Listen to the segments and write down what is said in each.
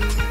thank you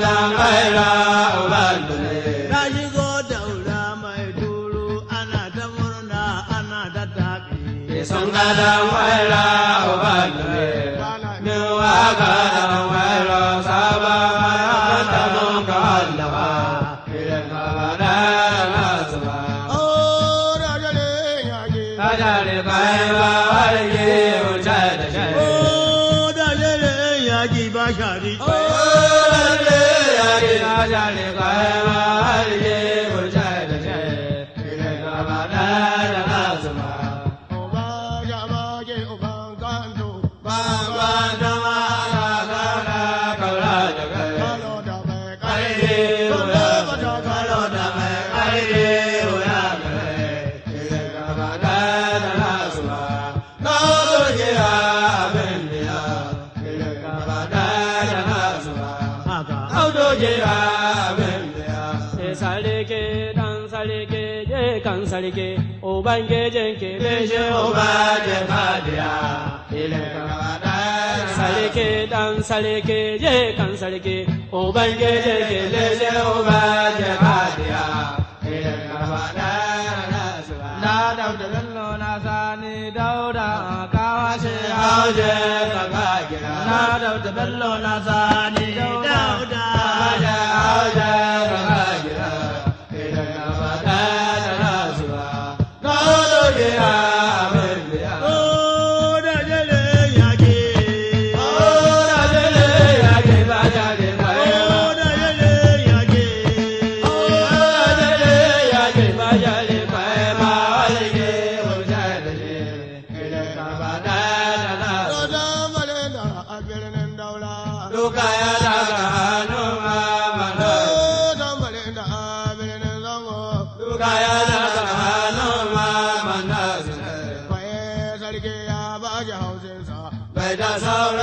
malam maira ubandule na mai duru ana ana uban gejin kebeshe uba jefadiya ilin kawaɗa sarki dan sarki je kan sarki uban gejin kebeshe uba jefadiya ilin kawaɗa na dauda zallo na sani dauda kawa shi hauje ka gina na dauda bello na sani dauda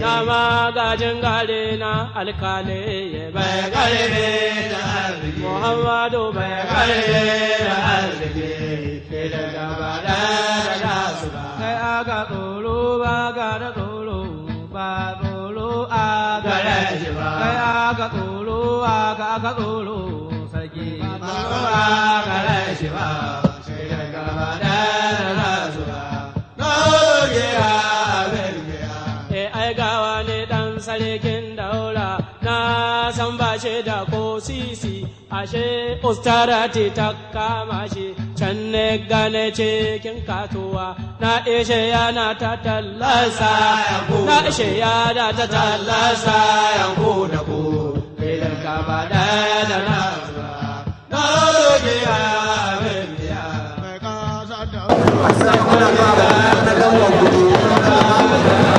na gajin gare na alkali bai karbe da arziki muhammadu bai karbe da arziki da gaba da da su ba kai aga tsoro ba ga da tsoro ba tsoro a gare shi ba kai aga tsoro aga aga tsoro sarki ba tsoro a gare ba da gaba da da ko sisi ashe ustara ti ta kama shi can ne gane cikin katuwa na ishe ya na ta tallasa na ishe ya yana ta tallasa yanku da ku idan ka ba daya da rasuwa na roge ya abin biya mai kasa da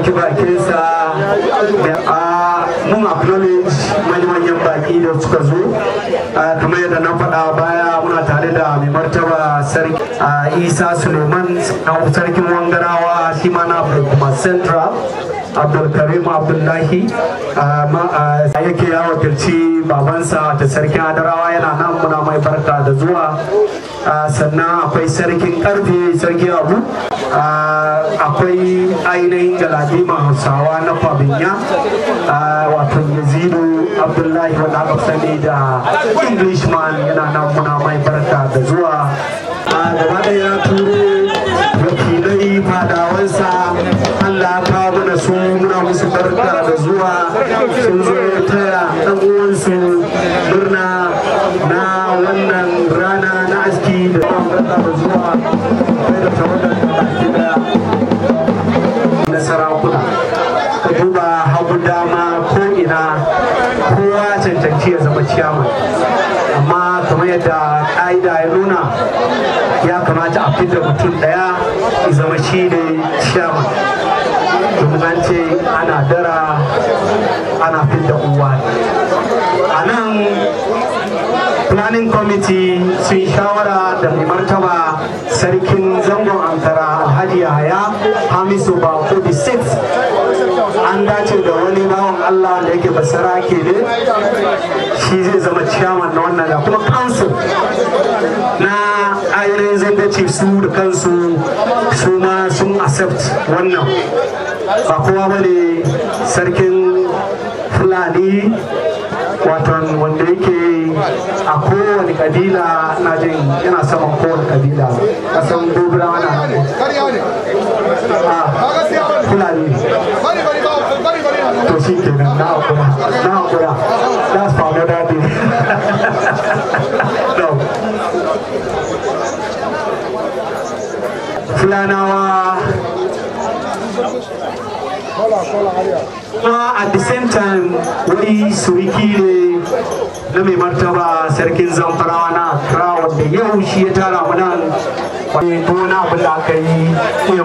ɗauki bakinsa da a mun acknowledge manyan baki da suka zo kamar yadda na faɗa baya muna tare da mai martaba sarki isa suleiman sarkin wangarawa shi na kuma central abdulkarim abdullahi yake ya wakilci babansa da sarkin adarawa yana nan muna mai barka da zuwa ah, sannan akwai sarkin karfe sarki abu ah, akwai ainihin galadima hausawa na fabinya ah, wato yazidu abdullahi wanda aka sani da englishman yana nan muna mai barka da zuwa gaba ya turo wakilai fadawansa ɗan uwansu birna na wannan rana na aski da ta da zuwa bai da tawadar da baki daya na sarakuna ka duba hagu dama ko ina kowa cancanci ya zama ciyaman amma kamar yadda ƙa'ida ya nuna ya kamata a fidda mutum ɗaya zama shi ne ciyaman domin an ce ana dara planning committee sun shawara da mai martaba sarkin zangon antara alhaji yahaya hamisu Ba 46 an dace da wani bawan allah da yake basara ke ne shi zai zama ciyaman na wannan da kuma council na ainihin zai su da kansu su ma sun accept wannan ba kowa bane sarkin fulani watan wanda yake a kowane kabila na jin yana saman kowane kabila kasan dubra na to shi ke nan na hakura na hakura fulanawa kuma at the same time wani suriki ne na mai martaba sarkin zamfarawa na kira wanda yau shi ya tara mu nan wani tona abin da aka yi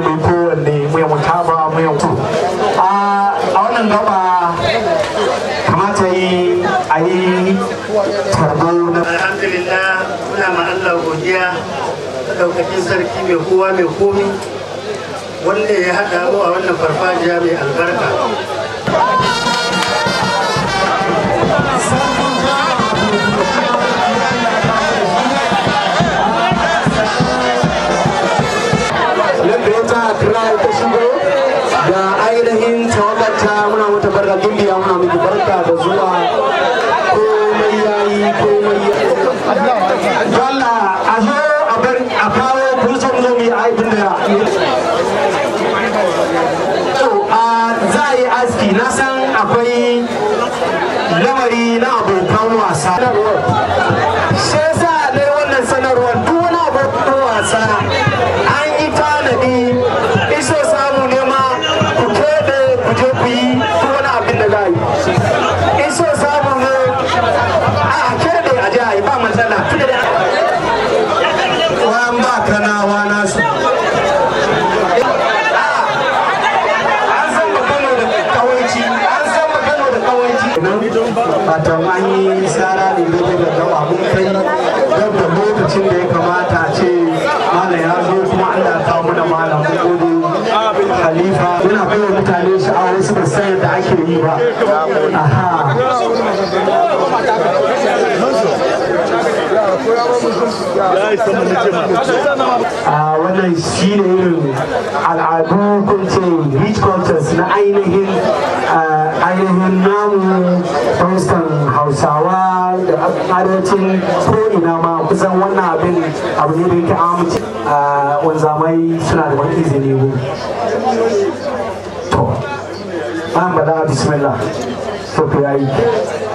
mai kowanne muyan mutaba muyan ku a wannan gaba kamata yi a yi tarbo na alhamdulillah muna ma Allah godiya daukakin sarki mai kowa mai komi wanda ya haɗa mu a wannan farfajiya mai albarka wannan shi ne irin al'adu ko ce rich cultures na ainihin ainihin namu faustan hausawa da adalcin ko ina ma kusan wannan abin abu ne da yake amince wanzamai suna da wani izini to an bada bismillah to fi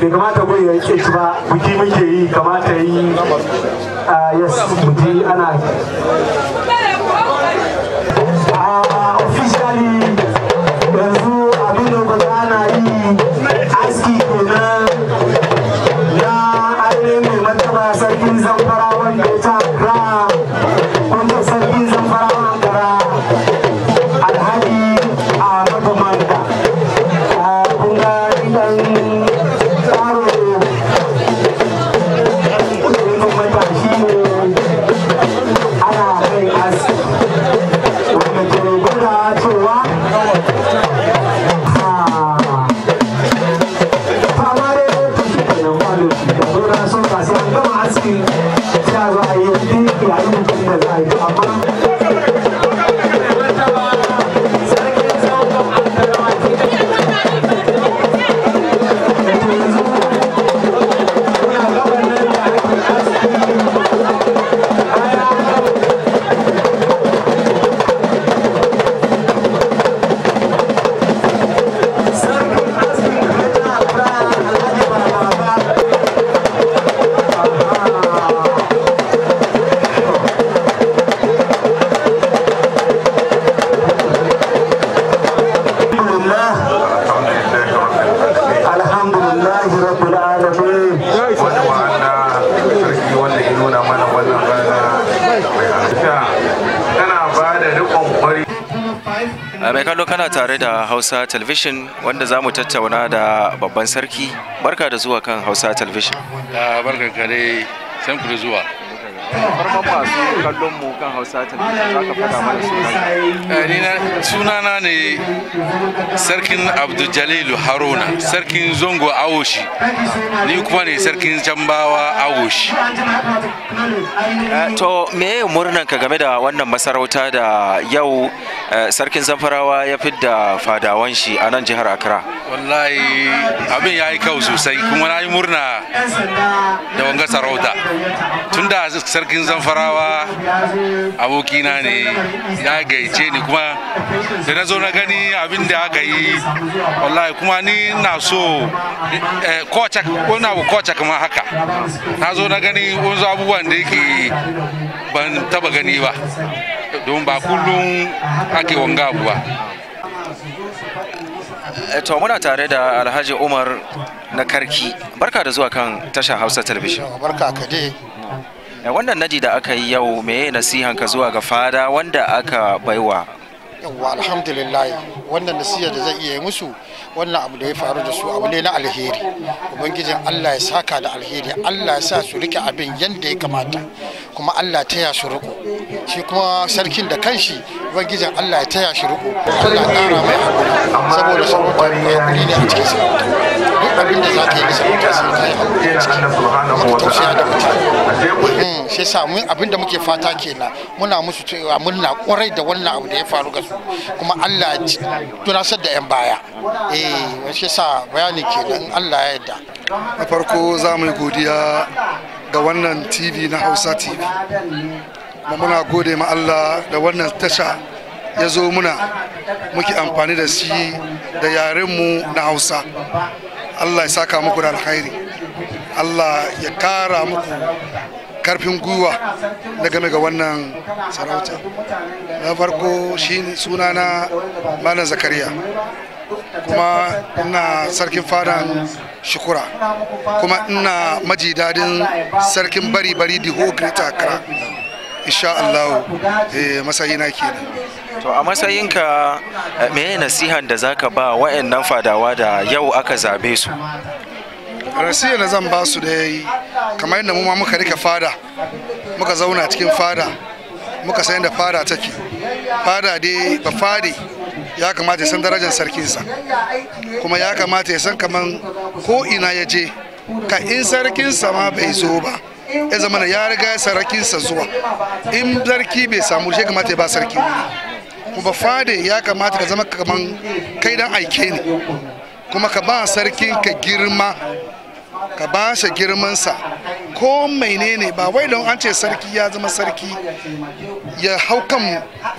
bai kamata gwai ya rike shi ba buki muke yi kamata yi a ah, yasu buki ana tare da Hausa Television wanda za mu tattauna da babban sarki. Barka da zuwa kan Hausa Television. Ah, barka da zuwa. farkon masu kallon mu kan hausa ta za ka faɗa mana sunan eh, sunana ne sarkin abdujalilu haruna sarkin zongo awoshi ni kuma ne sarkin jambawa awoshi eh, to me murnan ka game da wannan masarauta da yau eh, sarkin zamfarawa ya fidda fadawan shi a nan jihar accra wallahi abin ya yi kau sosai kuma na yi murna da wanga sarauta tun da sarkin zamfarawa abokina ne ya gaice ni kuma da na zo na gani abin da aka yi wallahi kuma ni na so eh, kowace wani abu kowace kama haka na zo na gani wani abubuwan da yake ban taba gani ba don ba kullum ake wanga abu ba eh, to muna tare da alhaji umar na karki barka da zuwa kan tashar hausa television barka ka dai Eh, wannan naji da aka yi yau me nasihan ka zuwa ga fada wanda aka baiwa yawwa alhamdulillah wannan nasiha da zai iya yi musu wannan abu da ya faru da su abu ne na alheri ubangijin allah ya saka da alheri allah ya sa su rike abin yadda ya kamata kuma allah ta ya su shi kuma sarkin da kanshi ubangijin allah ya ta ya shi riko allah ya kara mai hakuri saboda ne a cikin sabon abin da za ka yi bisa mutum hmm, shi sa mun abin da muke fata kenan muna musu cewa muna kwarai da wannan abu da ya faru ga su kuma Allah tunasar da 'yan baya eh shi sa bayani kenan Allah ya yarda na farko za mu yi godiya ga wannan tv na hausa tv muna gode ma Allah da wannan tasha ya zo muna muke amfani da shi da yarenmu na hausa Allah ya saka muku da alkhairi Allah ya kara muku karfin gwiwa na game ga wannan sarauta na farko shi sunana malam zakariya kuma ina sarkin fadan shukura kuma ina maji dadin sarkin bari bari diho greater accra insha Allah eh masayina kenan to a matsayinka eh, me nasihan da zaka ba wa'annan fadawa da yau aka zabe su rasiya da zan ba su dai kamar yadda mu ma muka rika fada muka zauna cikin fada muka san da fada take fada dai ba fadi ya kamata ya san darajar sarkinsa kuma ya kamata ya san kaman ko ina ya je ka in sarkinsa ma bai zo ba ya zama ya riga sarkinsa zuwa in sarki bai samu shi kamata ya ba sarki wani. kuma fade ya kamata ka zama kaman kai dan aike ne kuma ka ba sarkin ka girma ka ba shi girmansa ko menene ba wai don an ce sarki ya zama sarki ya hau kan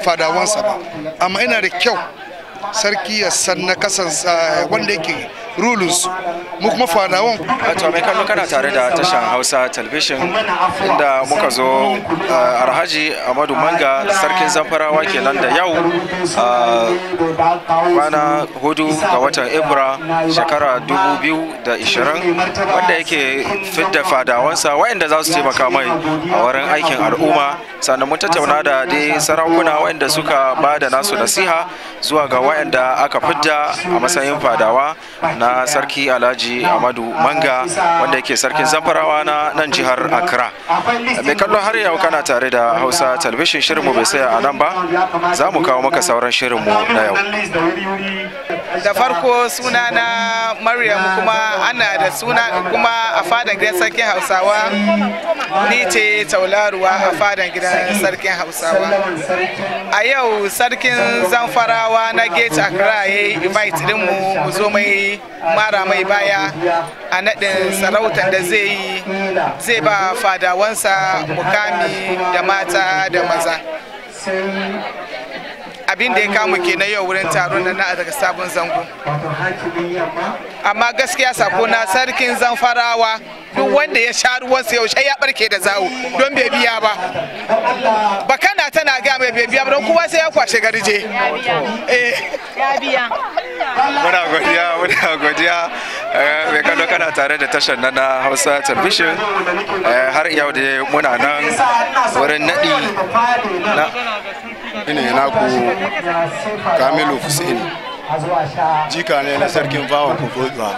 fadawansa ba amma yana da kyau sarki ya san na kasansa wanda yake rulus mu kuma fanawan to mai kallo kana tare da tashan hausa television inda muka zo eh, alhaji amadu manga sarkin zamfarawa kenan da yau kwana eh, hudu ga watan ibra shekara 2020 wanda yake fidda fadawansa wayanda za su taimaka mai a wurin aikin al'umma sannan mun tattauna da dai sarakuna wayanda suka ba da nasu nasiha zuwa ga wayanda aka fidda a matsayin fadawa na sarki alhaji amadu manga wanda yake sarkin zamfarawa na nan jihar accra mai kallon har yau kana tare da hausa talabishin shirinmu bai saya a nan ba za mu kawo maka sauran shirinmu na yau da farko suna na maryam kuma ana da suna kuma a fadan gidan sarkin hausawa ni ce taularuwa a fadan gidan sarkin hausawa a yau sarkin zamfarawa na gate accra ya yi invite dinmu mu zo mai mara mai baya a naɗin sarautar da zai yi zai ba fadawansa mukami da mata da maza abin da ya kama ke na yau wurin taron na na daga sabon zango amma gaskiya sako na sarkin zanfarawa duk wanda ya sha yau sai ya barke da zawo don bai biya ba bakana tana ga mai bai biya ba don kuma sai ya kwashe garje eh. ya biya muna godiya muna godiya eh, mai kallo kana tare da tashar na hausa television eh, har yau da muna nan wurin naɗi ina yana ku kamilu fusaini jika ne na sarkin fawon kufotuwa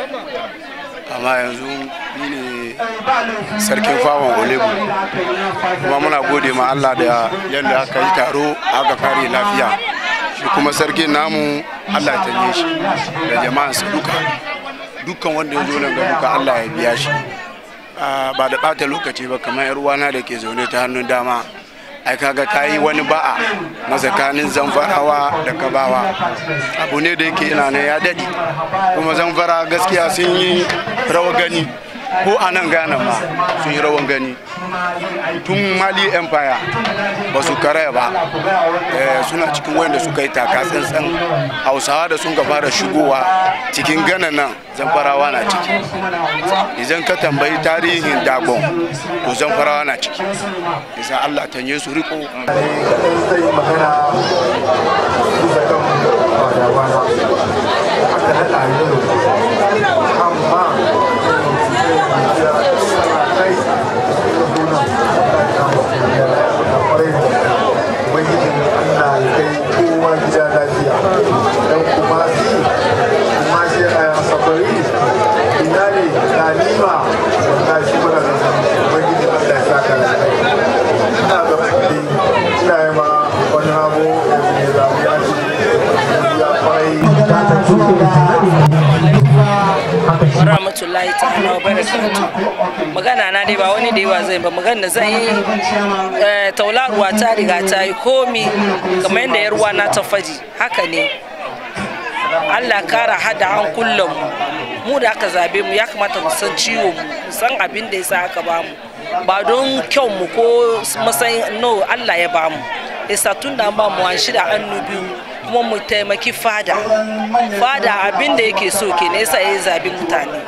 amma yanzu ni ne sarkin fawon olebu kuma muna gode ma allah da yadda aka yi taro aka kare lafiya shi kuma sarkin namu allah ta shi da su duka dukkan wanda ya zo nan ga duka allah ya biya shi ah, ba da ɓata lokaci ba kamar 'yar uwana da ke zaune ta hannun dama ai kaga kayi wani ba'a na tsakanin zamfarawa da kabawa abu ne da yake ina ya daɗi kuma zamfara gaskiya sun yi rawa gani ko a nan gana ma sun yi rawan gani tun mali empire ba su karaya ba eh, suna cikin da suka yi taka tsantsan hausawa da sun fara shigowa cikin gana nan zamfarawa na ciki idan ka tambayi tarihin dagon to zamfarawa na ciki isa allah tanye su riko magana da yawa zai ba magana zan yi eh, taularuwa ta riga ta yi komi kamar yadda yarwa na ta faji haka ne allah kara hada an kullum mu da aka zabe mu ya kamata mu san ciwo mu san abin da ya sa aka bamu ba don kyau mu ko matsayin no allah ya bamu isa tun da ba mu an shida hannu biyu kuma mu taimaki fada fada abin da yake so ke nesa ya zabi mutane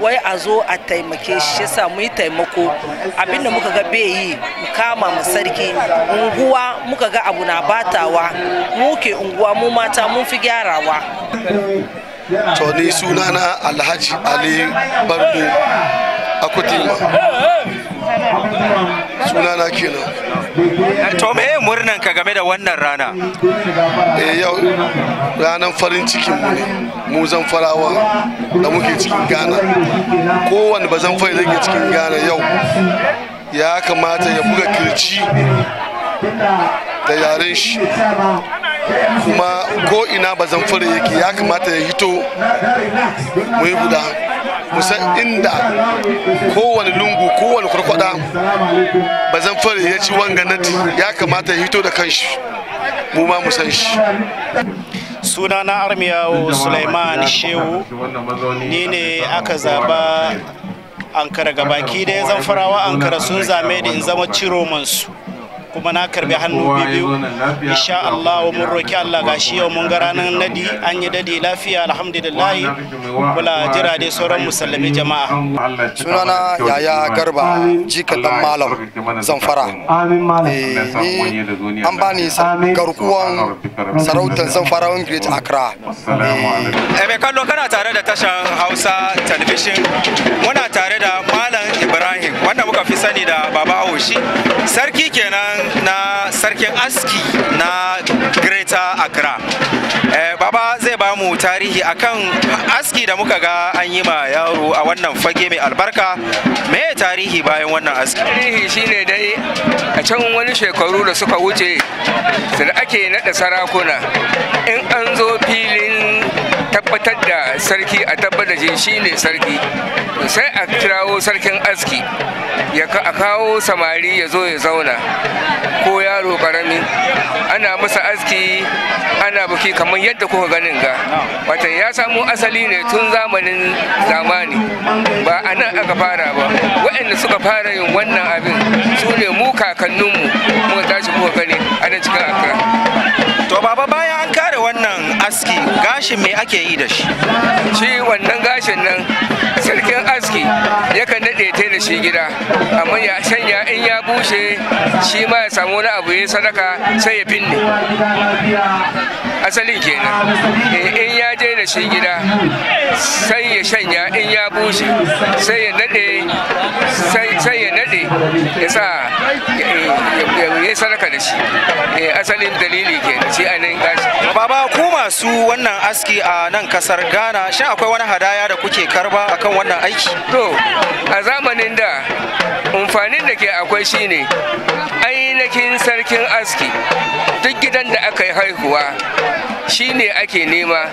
wai a zo a taimake shi mu yi taimako abin da muka ga bai yi mu kama mu sarki unguwa muka ga abu na batawa mu ke unguwa mu mata mun fi gyarawa to ni sunana alhaji ali bardo akutima sunana kenan to me murnan ka game da wannan rana eh yau ranan farin cikin mu ne mu zan farawa da muke cikin gana kowanne zan fara da cikin Ghana yau ya kamata ya buga kirci da yaren shi kuma ko ina ba zamfara yake ya kamata ya hito mu yi guda musan inda kowane lungu kowane kwarkwada ba zamfara ya ci wanganati ya kamata ya hito da kanshi mu ma mu san shi na armiyawo suleiman shehu ni ne aka zaba ankara gabaki da ya farawa ankara sun zame da in zama mansu kuma na karbi hannu biyu insha Allah mun roki Allah gashi yau mun ga ranar nadi an yi dadi lafiya alhamdulillah kula jira dai sauran musulmi jama'a sunana yaya garba jika dan malam zamfara eh, ni an bani garkuwan sarautar zamfarawan great accra eh, eh kallo kana tare da tashar hausa television muna tare da malam ibrahim wanda muka fi sani da baba awoshi sarki kenan na sarkin aski na greater accra eh, baba zai ba mu tarihi akan aski da muka ga an yi ma yaro a wannan fage mai albarka me tarihi bayan wannan aski tarihi shine dai a can wani shekaru da suka wuce da ake naɗa sarakuna in an zo filin tabbatar da sarki a tabbatar jin shi ne sarki sai a kirawo sarkin aski ya a kawo samari ya zo ya zauna ko yaro karami ana masa aski ana buki kamar yadda kuka ganin ga wata ya samu asali ne tun zamanin zamani ba a nan aka fara ba waɗanda suka fara yin wannan abin su ne mu kakanninmu muka tashi kuka gani a nan cikin akira gashin me ake yi da shi shi wannan gashin nan sarkin aski yakan daɗe ta da shi gida amma ya shanya in ya bushe shi ma ya samu wani abu ya sadaka sai ya binne asalin kenan eh, in ya je da shi gida sai ya shanya in ya bushe sai ya nade sai ya nade ya sa eh, ya sadaka da shi eh, asalin dalili kenan shi a nan gashi baba ku masu wannan aski a nan kasar ghana shin akwai wani hadaya da kuke karba akan wannan aiki to a zamanin da amfanin da ke akwai shine ainihin sarkin aski duk gidan da aka yi haihuwa shi ne ake nema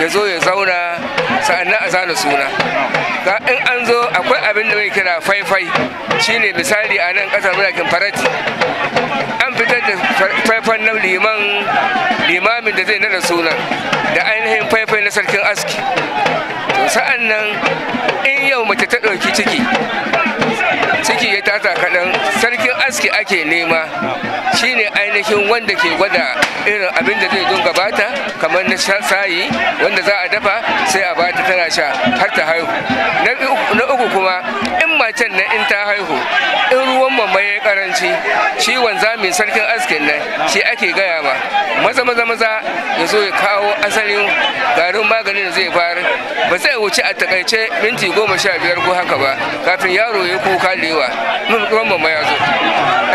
ya zo ya zauna sa'annan a zana suna ga in an zo akwai abin da mai kira faifai shine misali a nan kasar birakin farati an fitar da faifan na liman limamin da zai nada sunan da ainihin faifai na sarkin aski sa'an nan in yau mace ta ɗauki ciki sai ta kaɗan sarkin aski ake nema shine ainihin wanda ke gwada irin abin da zai dunga bata kamar na sayi wanda za a dafa sai a bata tana sha har ta haihu na uku kuma in macen na in ta haihu in ruwan mamma ya karanci ciwon zamin sarkin askin nan shi ake gaya ma maza maza maza ya zo ya kawo asalin garin maganin da zai fara ba zai wuce a takaice minti goma sha biyar ko haka ba kafin yaro ya kuka lewa mun kuma mamma ya zo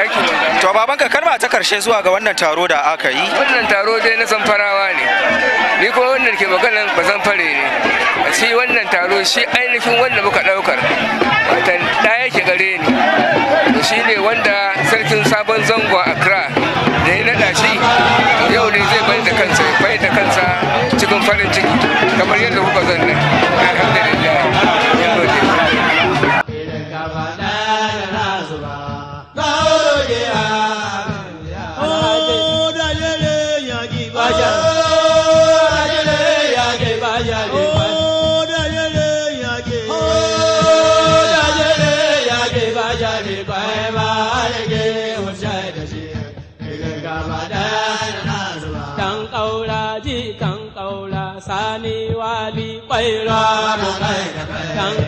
aikin to babanka kalma ta karshe zuwa ga wannan taro da aka yi wannan taro dai na samfarawa ne ni ko wannan ke maganan ba samfare ne a ci wannan taro shi ainihin wanda muka daukar watan ɗaya ke gare ni shi ne wanda sarkin sabon zango accra da ya naɗa shi yau ne zai bai da kansa bai da kansa cikin farin ciki kamar yadda kuka zanna alhamdulillah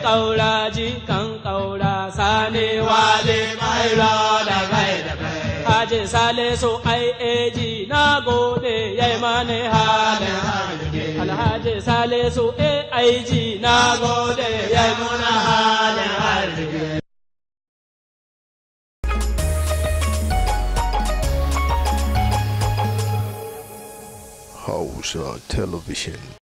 cầu la sa wa mai sa lê ai e na go de ma ne ha ne ha e na Television